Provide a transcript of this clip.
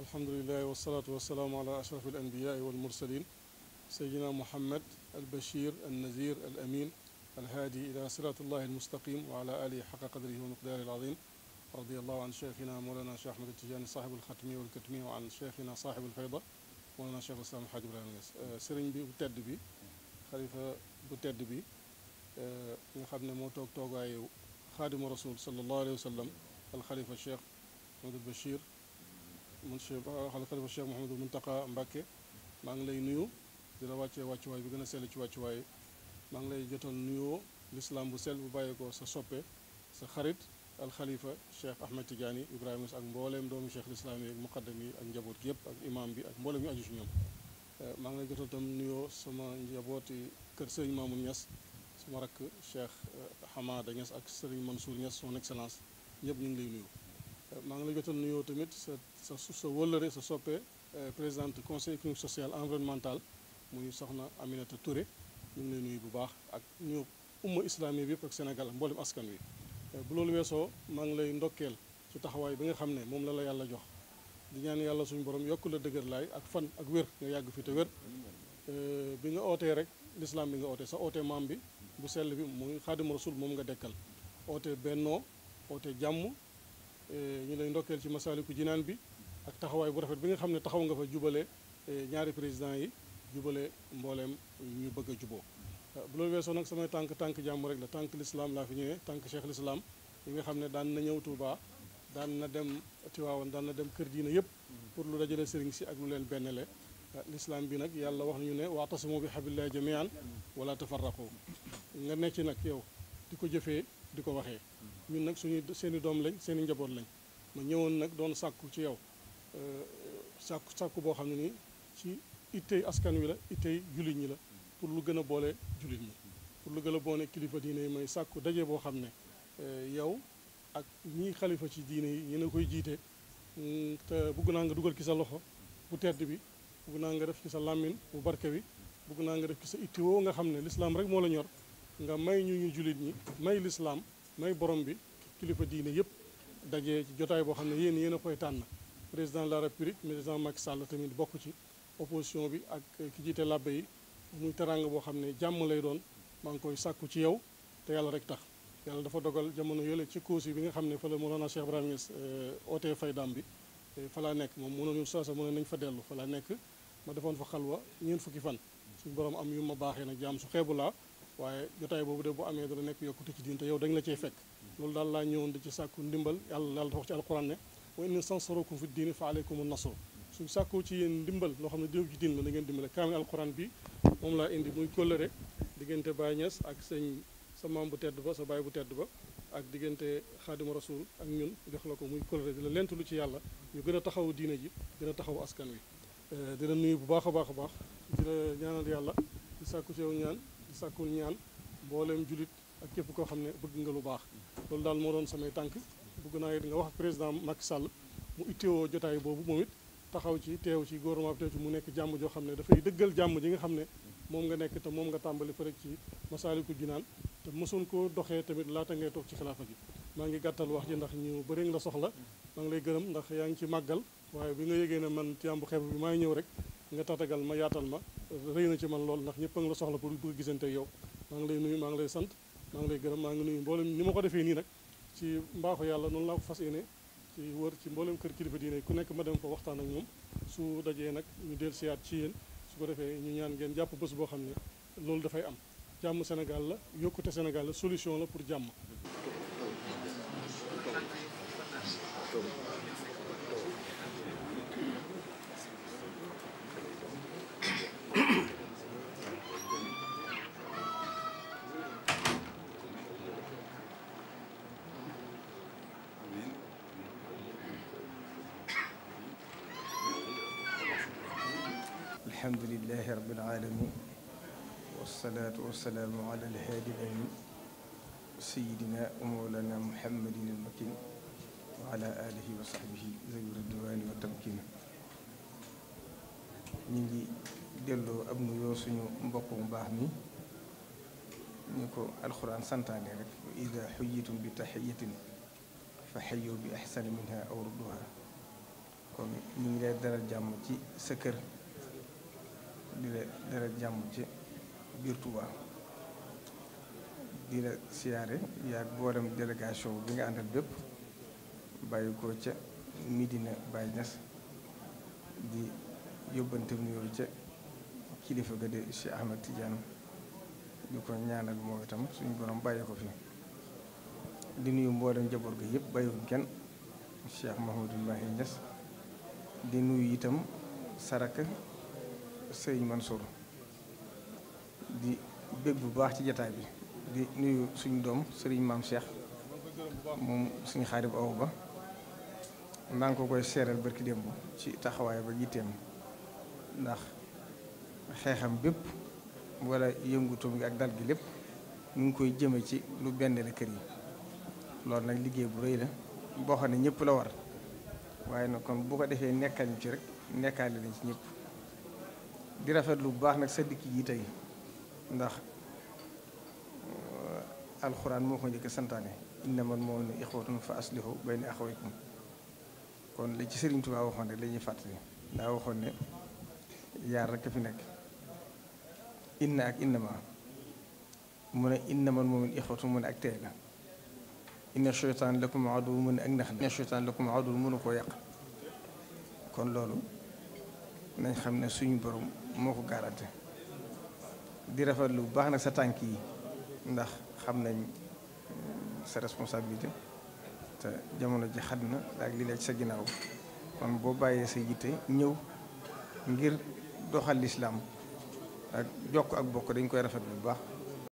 الحمد لله والصلاة والسلام على أشرف الأنبياء والمرسلين سيدنا محمد البشير النذير الأمين الهادي إلى صراط الله المستقيم وعلى آله حق قدره ومقداره العظيم رضي الله عن شيخنا مولانا شيخ أحمد التجاني صاحب الختمية والكتمية وعن شيخنا صاحب الفيضة مولانا شيخ الإسلام الحاج إبراهيم Niass سيرين بي bu بي خليفة xalifa بي tedd موتوك آه، nga خادم ne صلى الله عليه وسلم الخليفة الشيخ أحمد البشير man Cheikh xala xalifa Cheikh Mouhamadou Mountakha Mbacké maa ngi lay nuyu di la wàccee wàccuwaay bi gën a sell ci wàccuwaay maa ngi lay jotal nuyoo l'islam bu sell bu bàyyeekoo sa soppe sa xarit alxalifa Cheikh Ahmed Tidiane Ibrahima ak mbooleem doomu Cheikh l'islam yi ak muqaddam yi ak njaboot gi yëpp ak imam bi ak mbooleem ñu aju ci ñoom maa ngi lay jotal tam nuyoo sama njabooti kër Serigne Mamoun Niass sama rakk Cheikh Hamada Niass ak Serigne Mansour Niass son excellence ñëpp ñu ngi lay nuyu maa ngi la jotoon nuyoo tamit sa sa sa wëllëre sa soppe euh, présidente conseil économique social environnemental muy soxna Aminata Touré ñu ngi lay bu baax ak ñu umma islami bi yëpp ak Sénégal mboolem askan wi. Euh, bu loolu weesoo maa ngi lay ndokkeel ci taxawaay bi nga xam ne moom la la yàlla jox di ñaan yàlla suñu borom yokk la dëgër laay ak fan ak wér nga yàgg fi te wér euh, bi nga ootee rek l'islam bi nga ootee sa ootee maam bi bu sell bi muy xaadimu rasul moom nga dekkal ootee bennoo ootee jàmm. Eh, ñu lay ndokkeel ci masaaliku jinaan bi ak taxawaay bu rafet bi nga xam ne taxaw nga fa jubale eh, ñaari président yi jubale mbooleem ñu bëgg a juboo eh, bu loolu weesoo nag samay tànk tànk jàmm rek la tànk lislaam laa fi ñëwee tànk cheikh lislaam yi nga xam ne daan na ñëw Touba daan na dem Tiwaawan daan na dem kër diina yëpp pour lu dajale sëriñ si ak lu leen bennale lislaam bi nag yàlla wax nañu ne waatasimu bi hablillahi jamian wala tafarraqu nga nekk ci nag yow di ko jëfee di ko waxee ñun nag suñuy seen seeni doom lañ seeni njaboot lañ ma ñëwoon nag doon sàkku ci yow euh, sàkku sàkku boo xam ne nii ci ittey askan wi la ittey jullit ñi la pour lu gën a boole jullit ñi pour lu gën a boole kilifa diine yi mooy sàkku daje boo xam ne euh, yow ak ñii xalifa ci diine yi yéen a koy jiite hmm, te bugg naa nga dugal ci sa loxo bu tedd bi bugg naa nga def ci sa làmmiñ bu barke bi bugg naa nga def ci sa itti woo nga xam ne lislaam rek moo la ñor nga may ñu ñu jullit ñi may lislaam nooy borom bi kilifa diine yëpp dajee ci jotaay boo xam ne yéen yéen a koy tànn président de la république président Macky Sall tamit bokk ci opposition bi ak ki jiite labbe yi muy teraanga boo xam ne jàmm lay doon maa ngi koy sàkku ci yow te yàlla rek tax yàlla dafa dogal jamono yële ci cause yi bi nga xam ne fa la Mawlana Cheikh Ibrahima Niass eh, ootee faydam eh, fa laa nekk moom mënoon ñu saasa mën nañ fa dellu fa laa nekk ma defoon fa xalwa ñeent fukki fan suñu borom am yu ma baaxee na jaam su xeebu laa waaye jotaay boobu de bu amee dana nekk yokkute ci diin te yow dañ la cey fekk loolu daal laa ñëwoon di ci sàkku ndimbal yàlla yàlla dafa wax ci alquran ne wa in stansarukum fi diini ndimbal loo xam ne déew ci diin la da ngeen laa indi muy kóllëre diggante Baay Ñas ak sëñ sa maam bu tedd ba sa baay bu tedd ba ak diggante xaadima rasul ak ñun jox la ko muy kóllëre di la lentulu ci yàlla ñu gën a taxaw diine ji gën a taxaw askan wi eh, dina nuyu bu baax a baax a baax di la ñaanal yàlla di sàkku ci yow ñaan sàkkul ñaan mboolem julit ak képp koo xam ne bëgg nga lu baax loolu daal moo doon samay tànk bëgg naa it nga wax président Macky Sall mu itteewoo jotaay boobu moom it taxaw ci teew ci gouvernement bi teew mu nekk jàmm joo xam ne dafay dëggal jàmm ji nga xam ne moom nga nekk te moom nga tàmbali fa rek ci Masaalikul Jinaan te mosoon koo doxee tamit laata ngay toog ci xilaafa gi maa ngi gàttal wax ji ndax ñu bëri la soxla maa ngi lay gërëm ndax yaa ngi ci màggal waaye bi nga yégee ne man ci yàmbu xeeb bi maa ngi ñëw rek nga tatagal ma yaatal ma rëy na ci man lool ndax ñëpp a ngi la soxla pour bëgg gisante yow maa ngi lay nuyu maa ngi lay sant maa ngi lay gërëm maa ngi nuyu mboolem ni ma ko defee nii nag ci mbaaxu yàlla noonu laa ko fas yéene ci wër ci mboolem kër kilifa diine ku nekk ma dem ko waxtaan ak moom su dajee nag ñu del siyaat ci yéen su ko defee ñu ñaan ngeen jàpp bés boo xam ne loolu dafay am jàmm senegal la yokkute senegal la solution la pour jàmm الحمد لله رب العالمين والصلاة والسلام على الهادي الأمين سيدنا ومولانا محمد المكين وعلى آله وصحبه suñu mbokk mu baax mi ñu ko alxuraan santaane rek wa ida xuyitum bi taxiyatin fa xayu bi axsani minha aw rudduha kon ñu ngi lay dara jàmm ci sa kër di la dara jàmm ci biir Tuubaa di la siyaare yaag boolem délégation bi nga àndal bépp bàyyi ko ca Medina Baye Niass di yóbbante nuyoo ca kilifa ga de Cheikh Ahmed Tidiane di ko ñaanal moom itam suñu borom bàyyi ko di nuyu mboolem njaboot ga yëpp bàyyiwuñ kenn Cheikh Mouhamadou Mahi Niass di nuyu itam sarak sëñ Mansour di bég bu baax ci jataay bi di nuyu suñ doom sëriñ maam Cheikh moom suñu xaarib aw ba maa ngi ko koy seeral barki démb ci taxawaay ba jitteem ndax xeexam bépp wala yëngutum gi ak dal gi lépp mu ngi koy jëme ci lu benn la kër yi loolu nag liggéey bu rëy la boo xam ne ñëpp la war waaye nag kon bu ko defee nekkal ñu ci rek nekkaale lañ ci ñëpp di rafet lu baax nag sa dikk yi tey ndax euh, alxuraan moo ko njëkk santaane innamal mu'minuuna ixwatun fa aslihu bayna axawaykum kon li ci Sëriñ Tuubaa waxoon rek la ñuy fàttali daa waxoon ne yaar rek fi nekk inna ak innama mu ne innamal mu'minuuna ixwatun mu ne ak tey la inna sheytaan lakum aduwwun mu ne ak nax la inna sheytaan lakum aduwwun mënu koo yàq kon loolu nañ xam ne suñu borom moo ko garanté di rafet lu baax nag sa tànk yi ndax xam nañ sa responsabilité te jamono ji xat na ak li la ci sa ginnaaw kon boo bàyyee sa yitte ñëw ngir doxal lislaam ak jokk ak bokk dañu koy rafet bu baax